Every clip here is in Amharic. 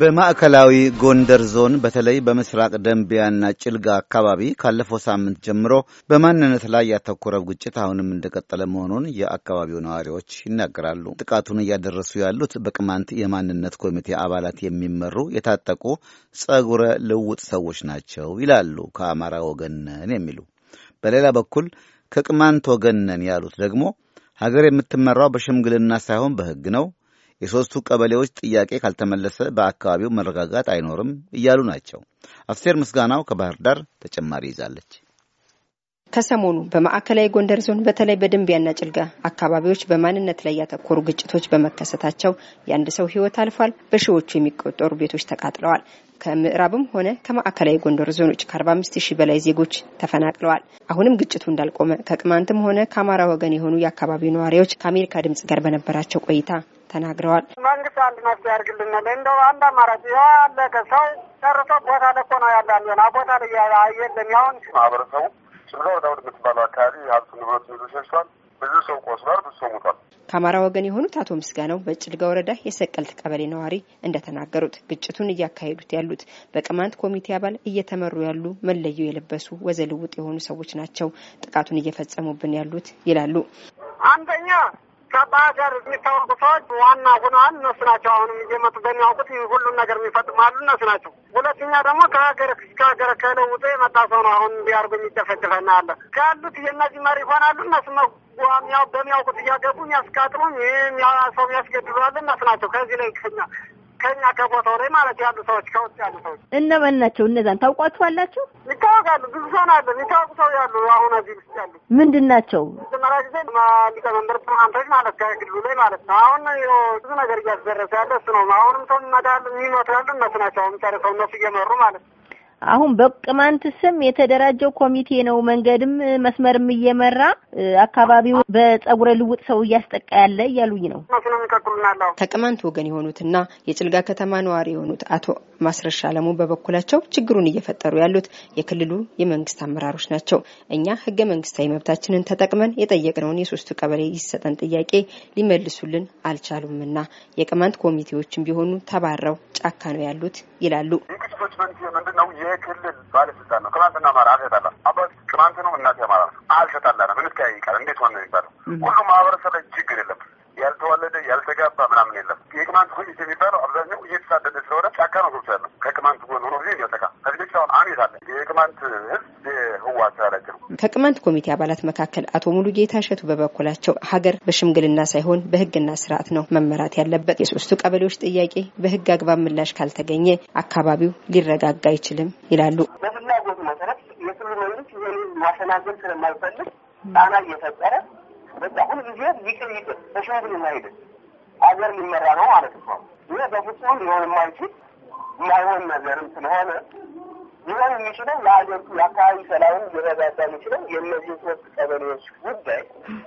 በማዕከላዊ ጎንደር ዞን በተለይ በምስራቅ ደንቢያና ጭልጋ አካባቢ ካለፈው ሳምንት ጀምሮ በማንነት ላይ ያተኮረው ግጭት አሁንም እንደቀጠለ መሆኑን የአካባቢው ነዋሪዎች ይናገራሉ። ጥቃቱን እያደረሱ ያሉት በቅማንት የማንነት ኮሚቴ አባላት የሚመሩ የታጠቁ ጸጉረ ልውጥ ሰዎች ናቸው ይላሉ ከአማራ ወገነን የሚሉ። በሌላ በኩል ከቅማንት ወገነን ያሉት ደግሞ ሀገር የምትመራው በሽምግልና ሳይሆን በሕግ ነው የሦስቱ ቀበሌዎች ጥያቄ ካልተመለሰ በአካባቢው መረጋጋት አይኖርም እያሉ ናቸው። አስቴር ምስጋናው ከባህር ዳር ተጨማሪ ይዛለች። ከሰሞኑ በማዕከላዊ ጎንደር ዞን በተለይ በደንቢያና ጭልጋ አካባቢዎች በማንነት ላይ ያተኮሩ ግጭቶች በመከሰታቸው የአንድ ሰው ሕይወት አልፏል። በሺዎቹ የሚቆጠሩ ቤቶች ተቃጥለዋል። ከምዕራብም ሆነ ከማዕከላዊ ጎንደር ዞኖች ከ45 ሺህ በላይ ዜጎች ተፈናቅለዋል። አሁንም ግጭቱ እንዳልቆመ ከቅማንትም ሆነ ከአማራ ወገን የሆኑ የአካባቢው ነዋሪዎች ከአሜሪካ ድምጽ ጋር በነበራቸው ቆይታ ተናግረዋል። መንግስት አንድ መፍትሄ ያድርግልናል። እንደው አንድ አማራጭ አለቀ ሰው ጨርሶ ቦታ ለቆ ነው ያለን ሆና ቦታ ላይ የለም። ያሁን ማህበረሰቡ ሽብዛ ወዳውድ የምትባለው አካባቢ ሀብቱ ንብረቱ ይዞ ሸሽቷል። ብዙ ሰው ቆስሏል። ብዙ ሰው ሙቷል። ከአማራ ወገን የሆኑት አቶ ምስጋናው በጭልጋ ወረዳ የሰቀልት ቀበሌ ነዋሪ እንደተናገሩት ግጭቱን እያካሄዱት ያሉት በቅማንት ኮሚቴ አባል እየተመሩ ያሉ መለዩ የለበሱ ወዘልውጥ የሆኑ ሰዎች ናቸው ጥቃቱን እየፈጸሙብን ያሉት ይላሉ። አንደኛ ከባህር ዳር የሚታወቁ ሰዎች ዋና ሆነዋል። እነሱ ናቸው አሁንም እየመጡ በሚያውቁት ሁሉም ነገር የሚፈጥማሉ እነሱ ናቸው። ሁለተኛ ደግሞ ከሀገር እስከ ሀገር ከለውጦ የመጣ ሰው ነው። አሁን እንዲያርጉ የሚጨፈጭፈና አለ ካሉት የእነዚህ መሪ ይሆናሉ። እነሱ በሚያውቁት እያገቡ የሚያስቃጥሉኝ የሚያስቃጥሉ ሰው የሚያስገድሏል። እነሱ ናቸው ከዚህ ላይ ከኛ ከኛ ከቦታው ላይ ማለት ያሉ ሰዎች ከውጭ ያሉ ሰዎች እነማን ናቸው? እነዛን ታውቋችኋላችሁ? ይታወቃሉ። ብዙ ሰው ነው ያለ የሚታወቁ ሰው ያሉ አሁን እዚህ ውስጥ ያሉ ምንድን ናቸው? ሊቀመንበር ፕሬዝዳንቶች ማለት ከግሉ ላይ ማለት ነው። አሁን ብዙ ነገር እያስደረሰ ያለ እሱ ነው። አሁንም ሰው ይመጣል የሚሞት ያሉ እነሱ ናቸው። አሁን ጨርሰው እነሱ እየመሩ ማለት ነው። አሁን በቅማንት ስም የተደራጀው ኮሚቴ ነው መንገድም መስመርም እየመራ አካባቢው በጸጉረ ልውጥ ሰው እያስጠቃ ያለ እያሉኝ ነው። አመሰግናለሁ። ተቅማንት ወገን የሆኑትና የጭልጋ ከተማ ነዋሪ የሆኑት አቶ ማስረሻ አለሙ በበኩላቸው ችግሩን እየፈጠሩ ያሉት የክልሉ የመንግስት አመራሮች ናቸው። እኛ ህገ መንግስታዊ መብታችንን ተጠቅመን የጠየቅነውን የሶስቱ ቀበሌ ይሰጠን ጥያቄ ሊመልሱልን አልቻሉምና የቅማንት ኮሚቴዎችን ቢሆኑ ተባረው ጫካ ነው ያሉት ይላሉ። የግጭቶች መንስኤ ምንድን ነው? የክልል ባለስልጣን ነው። ቅማንትና አማራ አልተጣላም። አባት ቅማንት ነው፣ እናት አማራ ነው። አልተጣላንም። እንተያይቃል። እንዴት ሆነ የሚባለው ሁሉም ማህበረሰብ ላይ ችግር የለም ያልተዋለደ ያልተጋባ ምናምን የለም። የቅማንት ኮሚቴ የሚባለው አብዛኛው እየተሳደደ ስለሆነ ጫካ ነው ሰብሰ ነው ከቅማንት ጎን ሆኖ ጊዜ የሚያጠቃ ከዚህ ብቻ አሁን አሜት አለ የቅማንት ህዝብ የህዋ ስላላቸው ከቅማንት ኮሚቴ አባላት መካከል አቶ ሙሉ ጌታ እሸቱ በበኩላቸው ሀገር በሽምግልና ሳይሆን በህግና ስርዓት ነው መመራት ያለበት። የሶስቱ ቀበሌዎች ጥያቄ በህግ አግባብ ምላሽ ካልተገኘ አካባቢው ሊረጋጋ አይችልም ይላሉ። በፍላጎት መሰረት የክልሉ መንግስት ይህንን ማሸናገል ስለማይፈልግ ጣና እየፈጠረ በቃ ጊዜ ይቅር ይቅር በሽምግልና የማይሄድ ሀገር ሊመራ ነው ማለት ነው። ይህ በፍጹም ሊሆን የማይችል የማይሆን ነገርም ስለሆነ ሊሆን የሚችለው የሀገር የአካባቢ ሰላምን ሊረጋጋ የሚችለው የእነዚህ ሶስት ቀበሌዎች ጉዳይ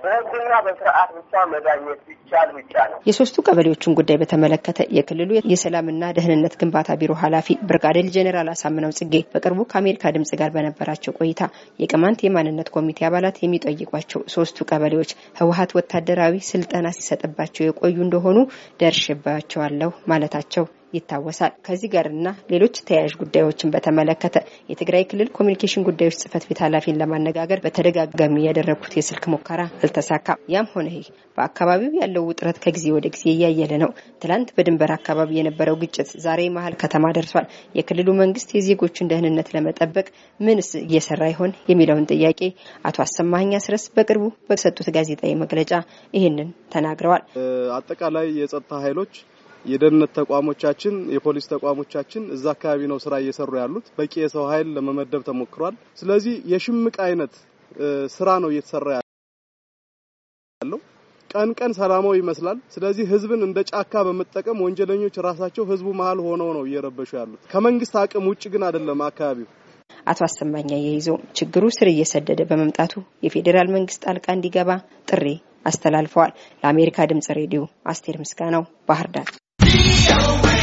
በህግና በስርዓት ብቻ መዳኘት ይቻል ብቻ ነው። የሶስቱ ቀበሌዎችን ጉዳይ በተመለከተ የክልሉ የሰላምና ደህንነት ግንባታ ቢሮ ኃላፊ ብርጋዴር ጄኔራል አሳምነው ጽጌ በቅርቡ ከአሜሪካ ድምጽ ጋር በነበራቸው ቆይታ የቅማንት የማንነት ኮሚቴ አባላት የሚጠይቋቸው ሶስቱ ቀበሌዎች ህወሀት ወታደራዊ ስልጠና ሲሰጥባቸው የቆዩ እንደሆኑ ደርሽባቸዋለሁ ማለታቸው ይታወሳል። ከዚህ ጋርና ሌሎች ተያያዥ ጉዳዮችን በተመለከተ የትግራይ ክልል ኮሚኒኬሽን ጉዳዮች ጽህፈት ቤት ኃላፊን ለማነጋገር በተደጋጋሚ ያደረግኩት የስልክ ሙከራ አልተሳካም። ያም ሆነ ይህ በአካባቢው ያለው ውጥረት ከጊዜ ወደ ጊዜ እያየለ ነው። ትላንት በድንበር አካባቢ የነበረው ግጭት ዛሬ መሀል ከተማ ደርሷል። የክልሉ መንግስት የዜጎቹን ደህንነት ለመጠበቅ ምንስ እየሰራ ይሆን የሚለውን ጥያቄ አቶ አሰማኸኝ አስረስ በቅርቡ በሰጡት ጋዜጣዊ መግለጫ ይህንን ተናግረዋል። አጠቃላይ የጸጥታ ኃይሎች የደህንነት ተቋሞቻችን፣ የፖሊስ ተቋሞቻችን እዛ አካባቢ ነው ስራ እየሰሩ ያሉት። በቂ የሰው ኃይል ለመመደብ ተሞክሯል። ስለዚህ የሽምቅ አይነት ስራ ነው እየተሰራ ያለው። ቀን ቀን ሰላማዊ ይመስላል። ስለዚህ ህዝብን እንደ ጫካ በመጠቀም ወንጀለኞች ራሳቸው ህዝቡ መሀል ሆነው ነው እየረበሹ ያሉት። ከመንግስት አቅም ውጭ ግን አይደለም አካባቢው አቶ አሰማኛ የይዞ ችግሩ ስር እየሰደደ በመምጣቱ የፌዴራል መንግስት ጣልቃ እንዲገባ ጥሪ አስተላልፈዋል። ለአሜሪካ ድምጽ ሬዲዮ አስቴር ምስጋናው ባህር ዳር away.